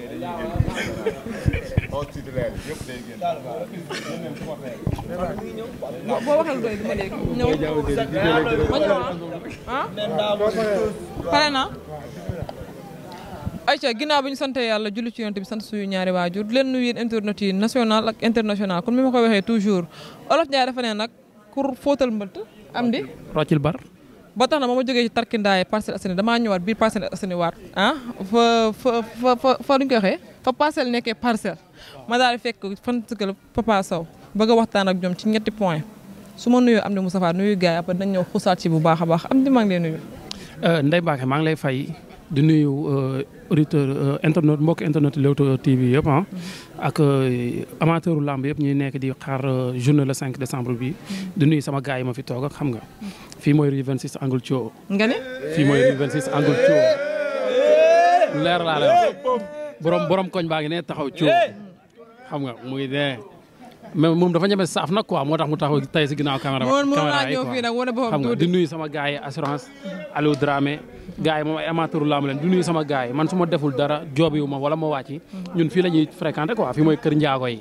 boo boo doy dama ma ñëw ah. pare na. Aïcha ginnaaw bi ñu sante yàlla julli ci yonent bi sant suñu ñaari waajur di leen nuyu yéen internet national ak international kon mi ko waxee toujours olof ñaar dafa ne nag pour fóotal mbëtt am di roccil bar ba tax na ba ma jógee ci tarkindaay Parcelles Assainies damaa ñëwaat biir Parcelles Assainies waat ah fa fa foo fa fa duñ waxee fa parcelle nekkee parcelle ma daal di fekk fan si club Papa Sow bëgg waxtaan ak ñoom ci ñetti point su ma nuyoo am di Moustapha nuyu gars yi après nañ ñëw xusaat ci bu baax a baax am di maa ngi lay nuyu. Euh, Ndeye Mbacke maa ngi lay fay. di nuyu euh, auditeur euh, internet mbokk internet Leewtoo TV yëpp ah. Mm-hmm. ak euh, amateuru lamb yëpp ñuy nekk di xaar journée le cinq décembre bi mm-hmm. di nuyu sama gars yi ma fi toog ak xam nga. Mm-hmm. fii mooy vingt 26 angle Thio. nga ne. fii mooy rue 26 angle Thio. leer laa la borom borom koñ baa ngi ne taxaw Thio xam nga muy mais moom dafa ñeme saaf nag quoi moo tax mu taxaw tay si ginnaaw caméra caméra yi quoi xam nga di nuyu sama gars yi assurance Aliou Dramé gars moom ay amateur leen di nuyu sama gars yi man su ma deful dara joobiwu ma wala ma wàcci fii la ñuy fréquenté quoi fii mooy kër njaago yi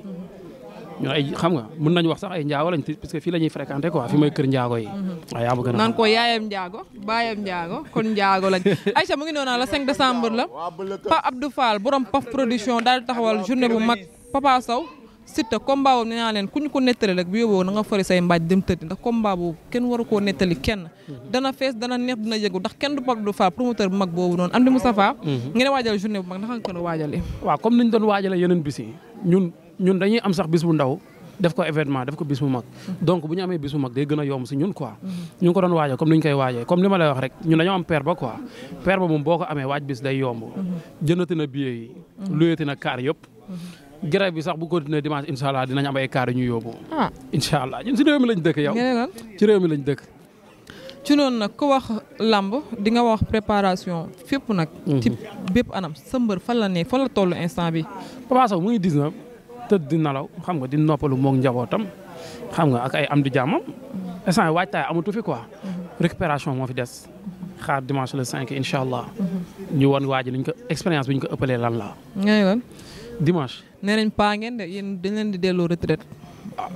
ñun xam nga mën nañu wax sax ay njaago lañ parce que fii la ñuy fréquenté quoi fii mooy kër njaago yi waaw yaa ma a naan ko yaayam njaago baayam njaago kon njaago lañ Aïcha mu ngi noonu la 5 décembre la Pape Abdou Fall borom Paf production daal di taxawal journée bu mag Siteu combat boobu nee naa leen ku ñu ko nettali rek bu yóbboo na nga fari say mbaaj dem tëdd ndax combat boobu kenn waru koo nettali kenn dana fees dana neex dina yëngu ndax kenn du pap du fa promoteur bu mag boobu noonu am di Moustapha mhm. ngeen waajal journée bu mag ndax nga ko waajale waaw comme niñ doon waajale yeneen bis yi ñun ñun dañuy am sax bis bu ndaw def ko événement def ko bis bu mag mhm. donc bu ñu amee bis bu mag day gën a yomb si ñun quoi mhm. ñu ngi ko doon waajal comme ni ñu koy waajee comme li ma lay wax rek ñun dañoo am paire ba quoi paire ba moom boo ko amee waaj bis day yomb jëndati na billet yi luyeti na kaar yëpp grève bi sax bu continuer dimanche incha allah dinañ am ay kaar ñu yóbbu. ah incha allah ñun si réew mi lañ dëkk yow. ci réew mi lañ dëkk. ci loolu nag ku wax làmb di nga wax préparation fépp nag. Mhm. ci bépp anam sëmbar mbër fan la ne fan la instant bi Papa Sow mu ngi dis na tëdd di nalaw xam nga di noppalu moog njabootam xam nga ak ay am di jàmmam. Mhm. instant yi waajtaay amatu fi quoi. Mhm. récupération moo fi des. xaar dimanche le 5 incha allah. ñu wan waaj liñ ko expérience bi ñu ko ëppalee lan la. dimanche. nee nañ paa ngeen de yéen dañ leen di delloo retraite. Ah,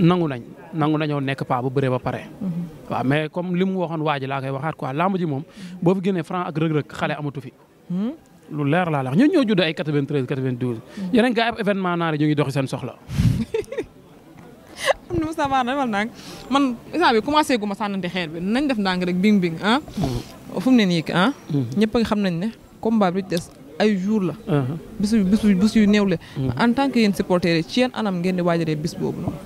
nangu nañ nangu nañoo nekk paa bëree ba pare. Mhm. waaw mais comme li mu waxoon waa ji laa koy waxaat quoi a ji moom boo fi génnee franc ak rëg-rëg xale amatu fi. Hmm? lu leer laa la wax ñun ñoo judd ay 93 92. Hmm. yeneen gars yi événement naar ñu ngi doxi seen soxla. am na Moussa Ba defal ndànk man instant bi commencé gu ma sànnante xeer bi nañ def ndànk rek bing bing ah. Hmm. fu mu ne nii ah. ñëpp xam nañ ne combat ay jour la. Uh-huh. bis yu bis yu bis en tant que yéen supporters ci yéen anam ngeen di waajalee bis boobu noonu.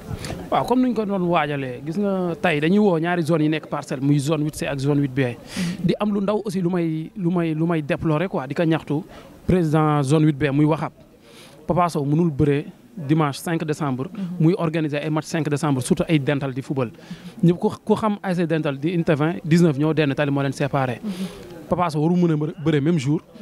waaw comme ni ko doon waajalee gis nga tey dañuy woo ñaari zone yi nekk parcelle muy zone 8C ak zone 8B. Mm-hmm. di am lu ndaw aussi lu may lu may lu may déplorer quoi di ko ñaxtu président zone 8B muy waxab Papa Sow mënul bëree dimanche 5 décembre. Mm-hmm. muy organiser ay match 5 décembre surtout ay dental di football. ñëpp ku xam ay dental di intervint 19 ñoo denn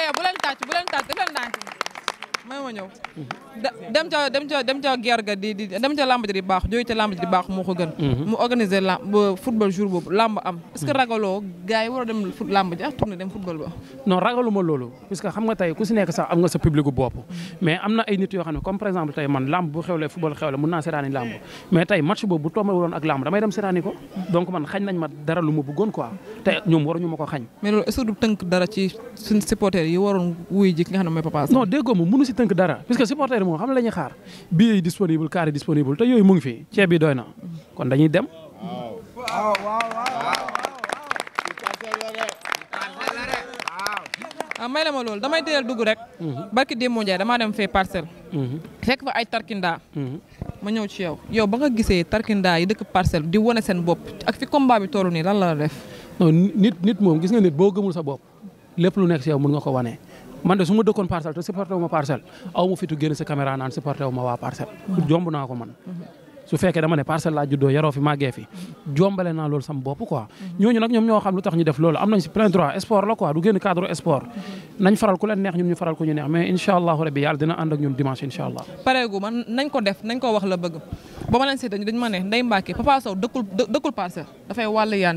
eh bu leen tàcc bu leen tàcc def leen ndànk may ma ñëw dem ca dem ca dem ca ger ga di di dem ca làmb ji di baax jooy ca làmb ji di baax moo ko gën mhm. mu organiser làmb football jour boobu làmb am est-ce que mhm. ragaloo gars yi war a dem làmb ji ah tourné dem football ba non ragalu ma loolu parce que xam nga tey ku si nekk sax am nga sa public bu bopp mhm. mais am na ay nit yoo xam ne comme par exemple tey man làmb bu xewle football xewle mun naa seetaani làmb mais tey match boobu bu tombé woon ak làmb damay dem seetaani ko donc man xañ nañ ma dara lu ma bëggoon quoi te ñoom waruñu ma ko xañ mais loolu est-ce que du tënk dara ci suñ supporters yi waroon wuy ji ki nga xam ne mooy Papa Sow tënk dara puisque supporter yi moom xam la ñuy xaar billets yi disponible car yi disponible na kon dañuy dem. waaw ah, waaw ma loolu damay teel dugg rek. Mhm. barki Demba Ndiaye damaa dem fee parcelle. Mhm. fekk ay tarkindaa. Mhm. ma ñëw ci yow yow ba nga gisee tarkindaa yi dëkk parcelle di wane seen bopp ak fi combat bi toll nii lan la la nit moom gis nga nit boo gëmul sa bopp lépp lu nekk si yow mun nga ko wane. man de su ma dëkkoon parcelle te supporté wu ma parcelle aw ma fitu génn sa caméra naan supporté wu waa parcelle jomb naa ko man su fekkee dama ne parcelle laa juddoo yaroo fi màggee fi jombale naa loolu sama bopp quoi mhm. ñooñu nag ñoom ñoo xam lu tax ñu def loolu am nañ si plein droit sport la quoi du génn cadre sport mhm. nañ faral ku leen neex ñun ñu faral ku ñu neex mais incha allahu rabbi yàlla dina ànd ak ñun dimanche incha allah pareegu man nañ nañ ko wax la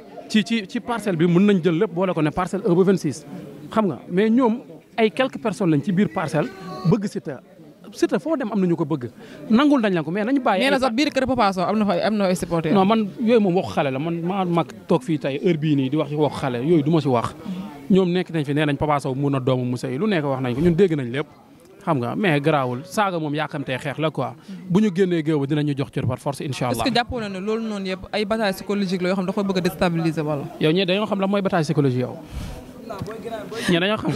ci ci ci parcelle bi mun nañ jël lépp boole ko ne parcelle 1 ba 26. xam nga mais ñoom ay quelques personnes lañ ci biir parcelle bëgg Siteu Siteu foo dem am na ñu ko bëgg nangul dañ la ko mais nañu bàyyi. nee na sax biir kër Papa am na fa am na ay supporter. non man yooyu moom waxu xale la man maa mag toog fii tey heure bii nii di wax ci waxu xale yooyu duma ma wax. ñoom nekk nañ fi nee nañ mun na doomu Moussa lu nekk wax nañ ko ñun dégg nañ lépp xam nga mais garaawul saaga moom yaakamtee xeex la quoi bu ñu génnee géew ba dinañu jox cër par force incha allah. est-ce que jàppoon na ne loolu noonu yëpp ay bataille psychologique la a déstabiliser wala. yow ñii dañoo xam la mooy bataille psychologique yow. ñii dañoo xam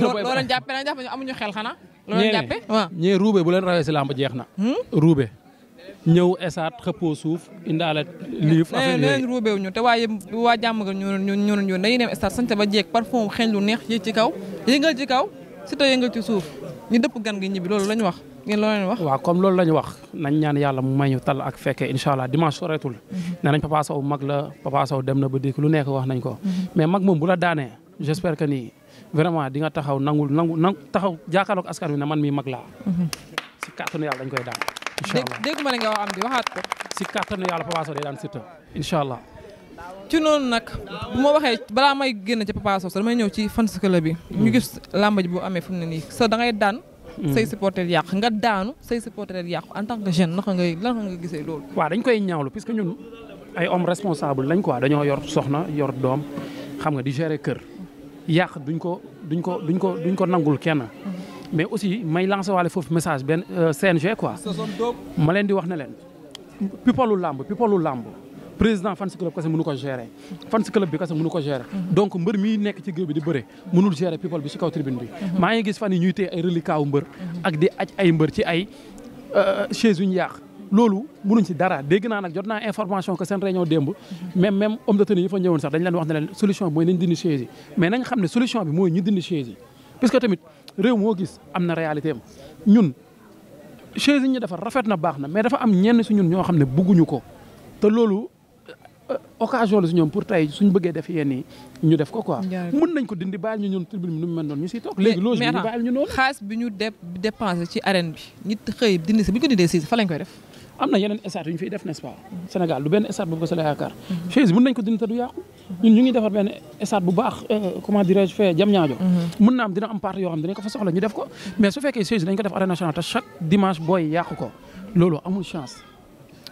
ba jeeg parfum xeeñ lu neex yi ci kaw yëngal ci kaw si te yëngal ci suuf ñu dëpp gan gi ñibbi loolu lañ wax ngeen loolu loolu lañ wax nañ ñaan yàlla mu may ñu tal ak fekkee incha dimanche soreetul. Mhm. nee nañ mag la Papa Sow dem na ba dikk lu nekk wax nañ ko. Mhm. mais mag moom bu la daanee j'espère que nii vraiment di nga taxaw nangul nangu nangu taxaw jàkkaarloog askan wi ne man mii mag laa. Mhm. si kàttanu yàlla dañ koy daan. incha ci noonu nag bu ma waxee balaa may génn ci Papa Sow sax damay ñëw ci fans bi ñu gis làmb boo amee fu mu ne nii sa da ngay daan say supporter yàq nga daanu say supporter yàq en tant que jeune naka ngay naka nga gisee loolu waaw dañ koy ñaawlu parce que ñun ay homme lañ quoi dañoo yor soxna yor doom xam nga di gérer kër yàq duñ ko duñ ko duñ ko duñ ko nangul kenn mais aussi may lancer waale foofu message benn euh, CNG quoi ma leen di wax ne leen pipalu làmb pipalu làmb président fan club kese mënu ko gérer fan club bi kese mënu ko gérer donc mbër mi nekk ci géew di bëre mënul gérer people bi ci kaw tribune bi maa ngi gis fan yi ñuy téye ay reliquat wu mbër ak di ay mbër ci ay euh, chaise ñu yàq loolu mënuñ ci dara dégg naa nag jot naa information que seen réunion démb même même homme de tenue yi fa ñëwoon sax dañ leen wax ne leen solution bi mooy nañ xam ne solution bi mooy ñu dindi chaise yi parce moo gis am na réalité ñun chaise yi ñu defar rafet na baax na mais dafa am ñenn si ñun ñoo xam ne bugguñu ko te loolu Euh, occasion la si ñoom pour tey suñ bëggee def yenn yi ñu def ko quoi. mën nañ ko dindi bàyyi ñu ñun tribune bi nu mu mel noonu ñu siy toog. léegi loge bi ñu def. am mm-hmm. du benn stade bu mm-hmm. mm-hmm. baax euh, comment dirais fee jam ñaajo. mën na am dina am partie yoo xam dinañ ko fa soxla ñu def ko. mais su fekkee chaise dañ ko def arène nationale chaque dimanche booy yàqu ko loolu amul chance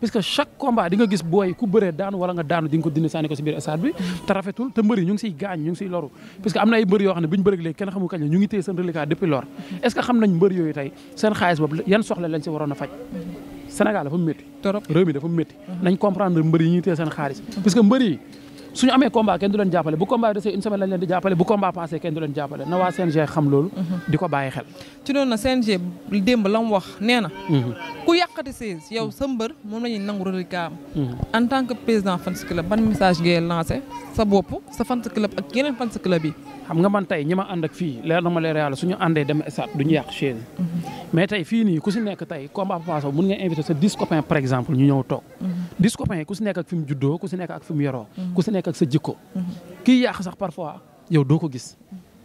puisque chaque combat di nga gis booy ku bëree daanu wala nga daanu di ko dindi sànni ko si biir stade bi te rafetul te mbëri ñu ngi gaañ ñu ngi loru parce que am na ay mbër yoo xam ne bi ñu bëreeg léegi kenn xamul kañ la ñu ngi téye seen reliquat depuis lor est que xam nañ mbër yooyu tey seen xaalis boobu yan soxla lañ si waroon a faj Sénégal dafa métti trop réew mi dafa métti nañ comprendre mbër yi ñuy téye seen xaalis parce que mbër suñu amee combat kenn du leen jàppale bu combat desee une semaine lañ leen di du leen jàppale na waa CNG xam loolu di ko bàyyi xel ci noonu na CNG démb la wax nee na mhm. ku yàqati siis yow sa mbër moom la ñuy nangu reliquat am mhm. en tant que président fans ban message ngay lancé sa bopp sa fans club ak yeneen fans club yi xam nga man tey ñi ma ànd fii leer na ma leer yàlla suñu àndee dem stade duñu yàq chaise mhm. mais tey fii nii ku si nekk tey combat passé mun nga invité sa dix copains dix copains ku si nekk ak fi mu juddoo ku si nekk ak fi mu yoroo mm-hmm. ku si nekk sa jikko mm-hmm. kii yàq sax parfois yow doo ko gis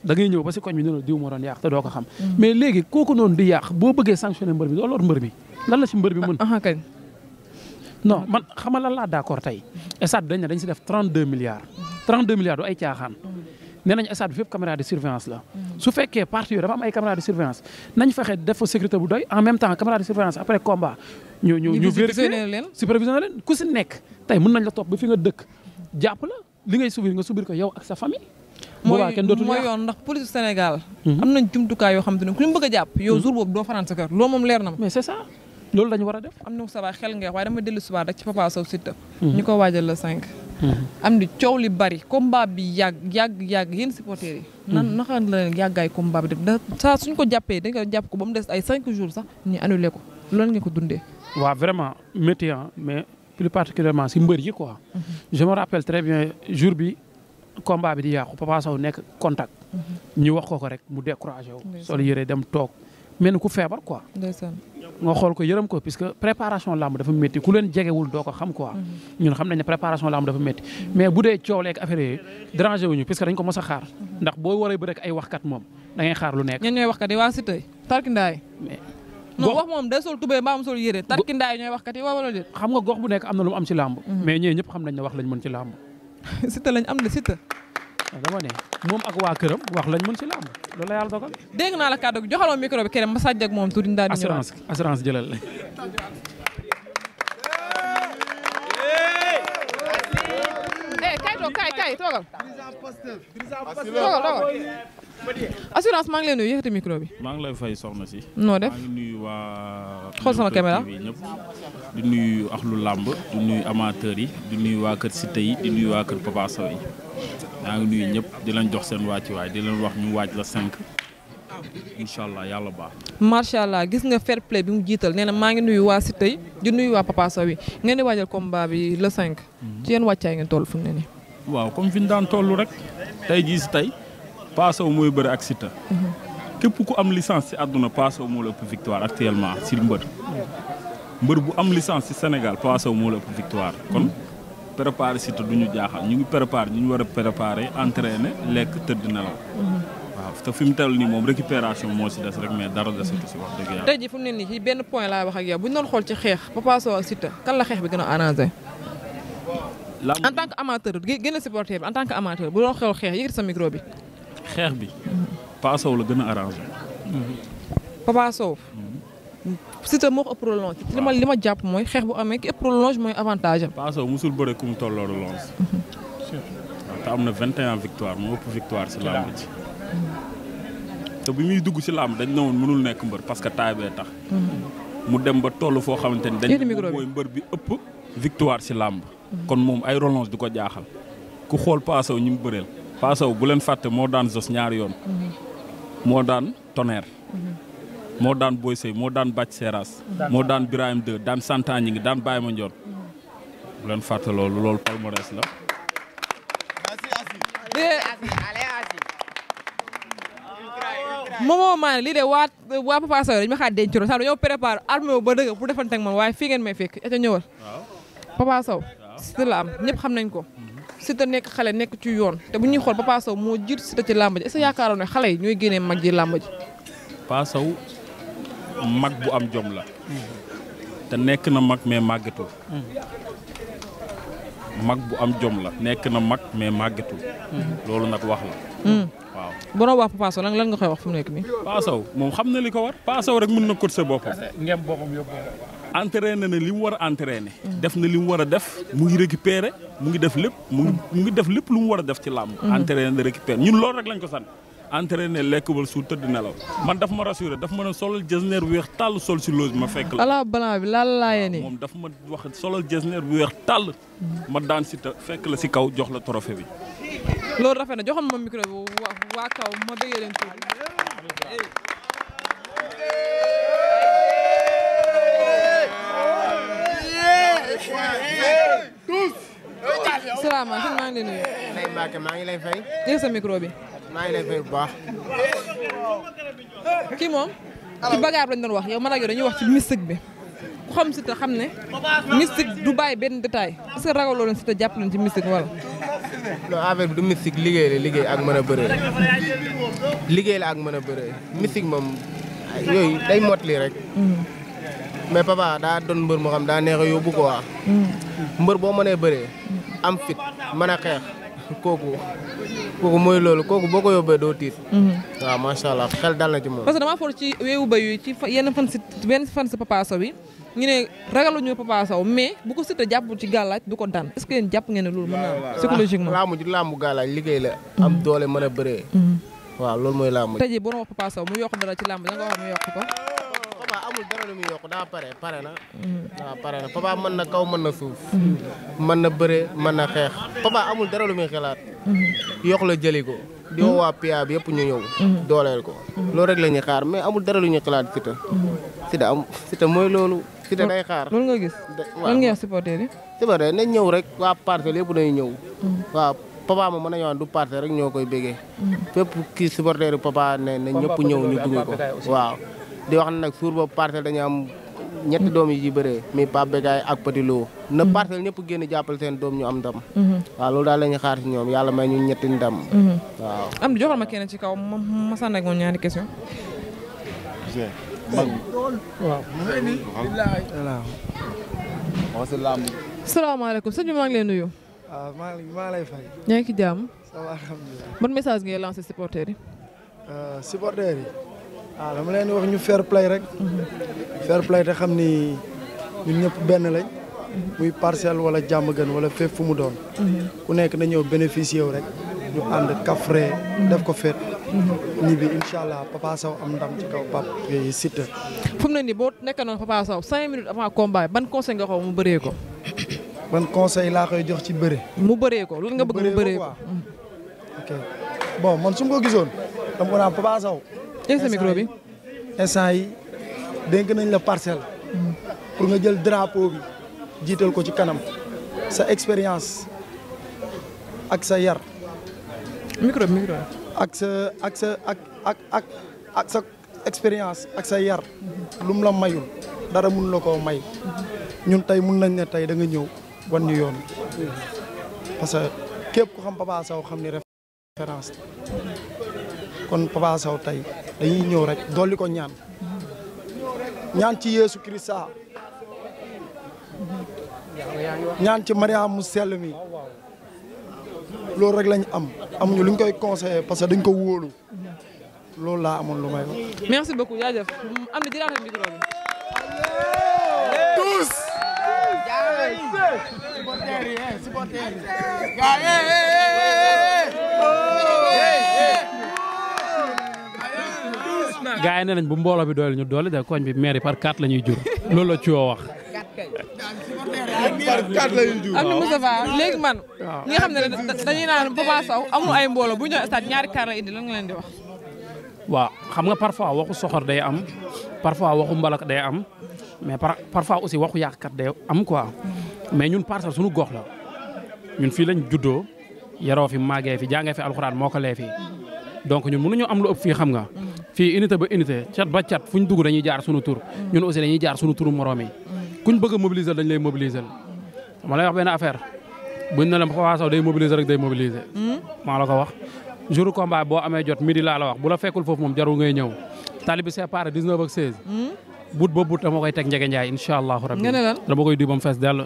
da ngay ñëw ba si koñ bi ne la diw moo doon yàq te doo ko xam mm-hmm. mais léegi kooku noonu di yàq boo bëggee sanctionné mbër doo lor mbër bi lan la si mbër bi ah, ah, non man xama lan tey état dañ ne dañ si def 32 milliards 32 milliards du ay caaxaan ay caméra de surveillance def fa sécurité bu doy en même temps caméra de surveillance ñu ñu ñu vérifié supervisionné leen ku si nekk tey mën nañ la topp ba fi nga dëkk jàpp la li ngay subir nga subir ko yow ak sa famille. boobaa kenn dootul mooy yoon ndax police Sénégal. Mhm. am nañ jumtukaay yoo xam te ne ku ñu bëgg a jàpp. yow mhm. jour xel nga waaye dama dellu subaa rek ci Papa Sow Siteu. Mhm. ñu ko waajal la 5. am di coow li bari combat bi yàgg yàgg yàgg yéen supporters yi. nan naka la leen yàggaay combat bi def da saa suñ ko jàppee dañ ko jàpp ko ba mu des ay 5 jours sax ñu annulé ko loolu ngeen ko dundee waa vraiment métti mais plus particulièrement si mbër yi quoi. Mm-hmm. je me rappelle très bien jour bi combat bi di yàqu Papa Sow nekk contact. Mm-hmm. ñu wax ko ko rek mu découragé wu. sol yëre dem toog mel ni ku feebar quoi. nga xool ko yërëm ko puisque préparation làmb dafa métti ku leen jegewul doo ko xam quoi. Mm-hmm. ñun xam nañ ne préparation làmb dafa métti. mais bu dee coow leeg affaire yooyu dérangé wuñu puisque dañ ko mos a xaar. ndax boo waree bu rek ay wax waxkat moom da ngay xaar lu nekk. ñenn wax waxkat yi waa Cité Tarkindaay. non wax moom day sol tubéy mbaa mu sol yére tarkindaa yi ñooy wax kat yi wala déet xam nga gox bu nekk am na lu mu am ci làmb mhm. mais ñee ñëpp xam nañ ne wax lañ mën ci làmb Siteu lañ am na Siteu ah, dama ne moom ak waa këram wax lañ mën si làmb loolu la yàlla dogal dégg naa la kàddu gi joxaloo micro bi keneen ma sàjj moom tuuti daal di ñëwaat assurance assurance jëlal kaay kaay toogal. assurance maa ngi lay nuyu yëkkati micro bi. maa ngi lay fay soxna si. noo def maa waa. xool sama caméra ñëpp. di nuyu làmb di nuyu yi di waa kër Cité yi waa kër Papa Sow maa ngi nuyu ñëpp di leen jox seen wàccuwaay di leen wax ñu waaj la 5. incha yàlla baax. macha gis nga fair bi mu jiital nee na maa ngi nuyu waa si yi di nuyu waa Papa yi ngeen di waajal combat bi le 5. Mhm. ci yeen wàccaay ngeen toll fu mu ne nii. waaw comme fi ñu daan tollu rek tey jii si tey Paasow mooy bëri ak sita képp ku am licence si àdduna Paasow moo la ëpp victoire actuellement si mbër. mbër bu am licence si senegal Paasow moo la ëpp victoire kon. préparer Siteu du ñu jaaxal ñu ngi préparer ñu ñu war a préparer entraîner lekk tëdd nelaw. waaw te fi mu toll nii moom récupération moo si des rek mais dara desatu si wax dëgg yàlla. tey jii fu ne nii ci benn point laay wax ak yow bu ñu doon xool xeex bi gën a arrangé. en tant que amateur gën a bi en tant que amateur bu doon xew xeex yëkkati sa micro bi. xeex bi. Papa Sow la gën a arrangé. Papa Sow. Siteu moo ko ëpp relonge li ma jàpp mooy xeex bu amee ki ëpp relonge mooy avantage am. Papa Sow musul bëre ku mu tolloo relonge. waaw te am na 21 victoire moo ëpp victoire si làmb te bi muy dugg si làmb dañ ne woon mënul nekk mbër parce que taay bee tax. Mm-hmm. mu dem ba toll foo xamante ni dañ. mooy mbër bi ëpp victoire si làmb. kon moom ay relance du ko jaaxal ku xool paasaw ñi mu bëreel paasaw bu leen fàtte moo daan jos ñaari yoon moo daan tonnerre moo daan Boy moo daan Bac Seras moo daan Birahim 2 daan Santan ñi ngi daan Baye Mandione bu fàtte loolu loolu palmarès la moomoo maa ne lii de waa waa Papa Sow dañu ma xaar denc loolu sax dañoo préparé armé ba dëgg pour defante ak waaye fii ngeen may fekk ete ñëwal Papa Siteu la xam nañ ko. Siteu nekk xale nekk ci yoon te bu ñuy xool Papa Sow moo jiitu Siteu ci làmb ji est-ce que yaakaaroon ne xale yi ñooy génnee mag ji làmb ji. Papa Sow mag bu am jom la. nekk na mag mais màggatul. mag bu am jom la nekk na mag mais màggatul. loolu nag wax la. Hmm. waaw borom wax Papa Sow lan nga koy wax fu nekk nii. Papa moom xam na li ko war. Papa Sow mën na cote sa boppam. entraîné na li mu war a entraîné. def na li mu war a def mu ngi récupéré mu ngi def lépp mu ngi mu ngi def lépp lu mu war a def ci làmb. Mhm. entraîné na récupéré ñun loolu rek lañ ko sant. entraîné lekk wal suur tëdd nelaw man daf ma rassuré daf ma ne solal jësneer bu weex tàll sol si loge ma fekk la. ala blanc bi laal laa ni moom daf ma wax solal jësneer bu weex tàll. Mhm. ma daan si fekk la si kaw jox la trophée bi. loolu rafet na joxoon ma micro bi waa kaw ma bëggee leen tous. salaamaaleykum maa ngi lay nuyu. maa ngi lay fay. jël sa micro bi. maa ngi lay fay bu baax. kii moom. ci bagaar lañ doon wax yow man ak yow dañuy wax ci mystique bi. ku xam si te xam ne. mystique du bàyyi benn détail. est-ce que leen si te jàpp nañ ci mystique wala. non affaire bi du mystique liggéey la liggéey ak mën a bëree. liggéey la ak mën a bëree mystique moom yooyu day motli rek. Mm-hmm. mais papa daa doon mbër moo xam daa neex a yóbbu quoi. mbër boo mënee bëree. am fit mën a xeex kooku kooku lool kooku boo ko yóbbee doo tiit. waaw macha allah xel dal na ci moom. parce que damaa for ci wéewu bay yi ci yenn fan si benn fan si Papa Sow bi ñu ne ragaluñu Papa Sow mais bu ko Siteu jàpp ci gàllaaj du ko daan est que yéen ngeen ne loolu. mën naa psychologiquement laamu laamu gàllaaj liggéey la. am doole mën a bëree. Mm-hmm. waaw mu yokk dara ci laamu da nga mu yokk ko. amul dara lu yokk daa pare pare na. waaw pare na papa na kaw mën na suuf. mën na bëre mën na xeex papa amul dara lu muy xalaat. yokk la jëli ko. di woo waa PA yëpp ñu ñëw. dooleel ko. loolu rek la xaar mais amul dara lu ñuy xalaat Siteu. Siteu am mooy loolu. Siteu day xaar loolu nga gis. lan nga wax supporter yi. ñëw rek waa Parcelles yëpp dañuy ñëw. waaw papa ma mën a yoon du Parcelles rek ñoo koy bégee. fépp kii supporter papa ne na ñëpp ñëw ñu dugg ko waaw. di wax ne nag suur boobu parcelle dañu am ñetti doom yi ji bëree mi Pape Becaye ak Petit Lo na mhm. parcelle ñëpp génn jàppale seen doom ñu am ndam mhm. waaw loolu daal la ñuy xaar si ñoom yàlla may ñu ñetti ndam mhm. waaw am di joxal ma kenn ci kaw ma ma sànni ak moom ñaari question waaw salaamaaleykum sëñ bi maa ngi lay nuyu waaw ah, maa maa lay fay ñaa ngi ci jàmm message ngay lancé supporters yi euh, waaw dama leen wax ñu fair play rek. fair play te xam ni ñun ñëpp benn lañ. muy parcelle wala jàmm gën wala fépp fu mu doon. ku nekk na ñëw bénéficier wu rek ñu ànd kafre def ko féet. ñibbi incha allah Papa am ndam ci kaw Pape Gueye Siteu. fu mu nii boo nekkee noonu Papa cinq minutes avant combat ban conseil nga xaw mu baree ko. ban conseil laa koy jox ci bëre. mu bëree ko lan nga bëgg mu bëree ko bon man sum ko gisoon dama ko naan Papa teg sa micro bi instant yi dénk nañ la parcelle. pour nga jël drapeau bi jiital ko ci kanam sa expérience ak sa yar. micro micro. ak sa ak sa ak ak ak ak sa expérience ak sa yar lu mu la mayul dara mun la koo may ñun tey mun nañ ne tey da nga ñëw wan ñu yoon parce que képp ku xam Papa xam ni référence kon Papa Sow tey. dañuy ñëw rek dolli ko ñaan ñaan ci Yeesu Kirista ñaan ci Mariam mu sell mi loolu rek lañ am amuñu luñ koy conseillé parce que dañ ko wóolu loolu laa amoon lu may wax. merci beaucoup jaajëf am na jërëjëf micro bi. tous. supporters yi supporters yi gars yi ne bu mbooloo bi doole ñu doole da koñ bi mairie par carte la ñuy jur loolu la ci woo wax. par am na Moustapha léegi man. ñi xam ne dañuy naan Papa amul ay mbooloo bu ñëwee stade ñaari kaar la indi lan nga leen di wax. waaw xam nga parfois waxu soxor day am parfois waxu mbalak day am mais parfois aussi waxu yàqkat day am quoi mais ñun Parcelles sunu gox la ñun fii lañ juddoo yaroo fi màggee fi jàngee fi alxuraan moo ko lee fi donc ñun mënuñu am lu ëpp fii xam nga fii unité ba unité cat ba cat fu ñu dugg dañuy jaar suñu tur ñun aussi dañuy jaar suñu turu morom yi kuñ bëgg a dañ lay mobiliser ma lay wax benn affaire buñ ne la Papa Sow day mobiliser rek day mobiliser maa la ko wax jour combat boo amee jot midi laa la wax bu la fekkul foofu moom jarul ngay ñëw tali bi séparé 19 ak 16 but ba but dama koy teg njege njaay incha allahu rabbi dama koy du bam fees dell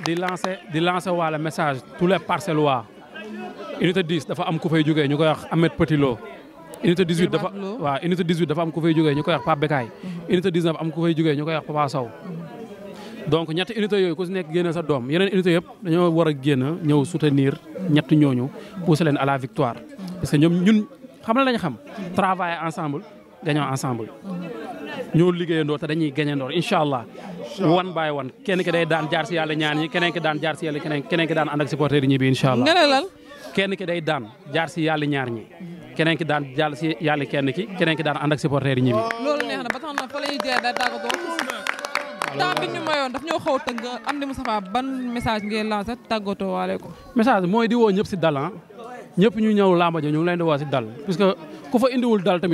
di lancer di lancer waale message tous les parcelles waa unité 10 dafa am ku fay jógee ñu koy wax Ahmed Petit Lo. unité 18 dafa waaw unité 18 dafa am ku fay jógee ñu koy wax Pape Bekaay. Mhm. unité 19 am ku fay jógee ñu koy wax Papa Sow. donc ñett unité yooyu ku si nekk génne sa doom yeneen unité yëpp dañoo war a génn ñëw soutenir ñetti ñooñu pousser leen à la victoire. parce que ñoom ñun xam na lañ xam. travailler ensemble gagnons ensemble. Mhm. ñoo liggéeyandoo te dañuy gagnandoo incha allah wan by wan kenn ki day daan jaar si yàlla ñaan yi keneen ki daan jaar si yàlla keneen keneen ki daan ànd ak supporter yi ñibbi incha allah. nga ne lan kenn ki day daan jaar si yàlla ñaar ñi keneen ki daan jaar si yàlla kenn ki keneen ki daan ànd ak supporter yi ñibbi. loolu neex na ba tax na fa lay jeex da tàggatoo temps ñu mayoon daf ñoo xaw a tënk am na Moustapha ban message ngay lancé tàggatoo waale ko. mooy di ñëpp si dal ah. ñëpp ñu ñëw làmba ja ñu ngi leen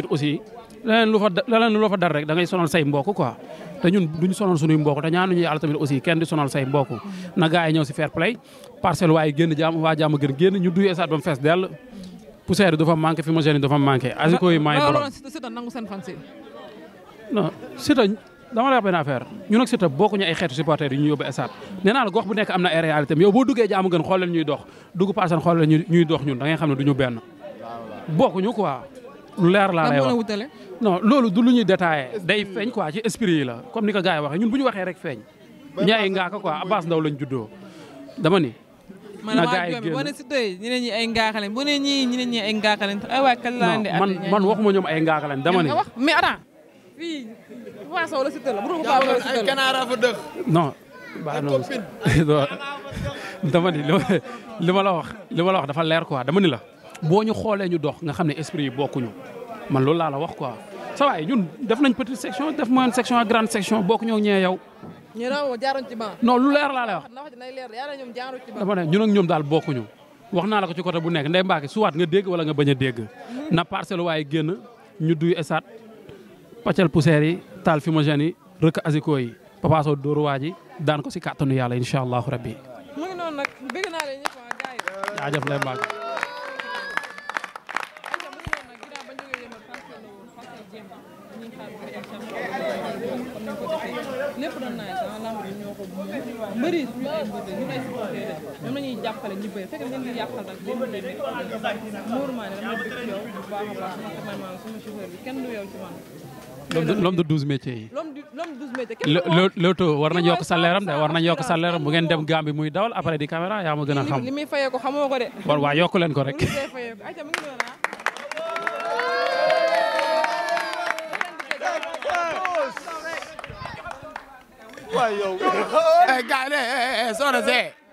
di leneen lu fa leneen lu fa dar rek da ngay sonal say mbokk quoi te ñun duñ sonal suñuy mbokk te ñu yàlla tamit aussi kenn di sonal say mbokk na gars yi ñëw si fair play parcelle waaye génn jaam waa jaam gën génn ñu duy esaat ba mu dama lay wax benn affaire ñun ak Siteu bokkuñu ay xeetu supporters yu ñu yóbbu esaat nee gox bu nekk am na ay réalité yow boo duggee jaamu gën xool ñuy dox dugg parcelle xool ñuy dox ñun da ngay xam ne du ñu benn bokkuñu quoi lu leer laa lay wax no loolu du lu ñuy détaillé day feeñ quoi ci esprit yi la comme ni ko gars yi waxee ñun bu ñu waxee rek feeñ. ñaay ngaaka quoi Abbas Ndao lañ juddoo dama ni. na gaa yi génn ñi ay ngaakalen bu ne ñii ñeneen ñi ay ngaakalen ay waay kan laa andi man man waxuma ñoom ay ngaakalen dama ni. mais attends fii Papa Sow la dama ni li ma la wax li la wax dafa leer quoi dama ni la. boo ñu xoolee ñu dox nga xam ne esprit yi bokkuñu man loolu laa la wax quoi sa waay ñun def nañ petite section def moyenne section ak grande section bokkuñoo ak ñee yow. ñu ne jaaruñ ci banc. non lu leer laa lay wax. dama ne ñun ak ñoom daal bokkuñu. wax naa la ko ci côté bu nekk ndey mbaake suwaat nga dégg wala nga bañ a dégg na parcelle waaye génn ñu duy esaat paccal poussière yi taal fumigène yi rëkk asiko yi Papa Sow waa ji daan ko si kàttanu yàlla incha allahu rabbi mu ngi lépp doon naa sax lamb yi ñoo ko mbëri ñu ay mbëri bu baax a baax bi war nañ yokk salaire de war nañ yokk salaire am dem Gambie muy dawal après di caméra yaa ma gën a xam li muy ko xamoo ko de waaw yokk leen ko rek waaw yow. gars yi de soo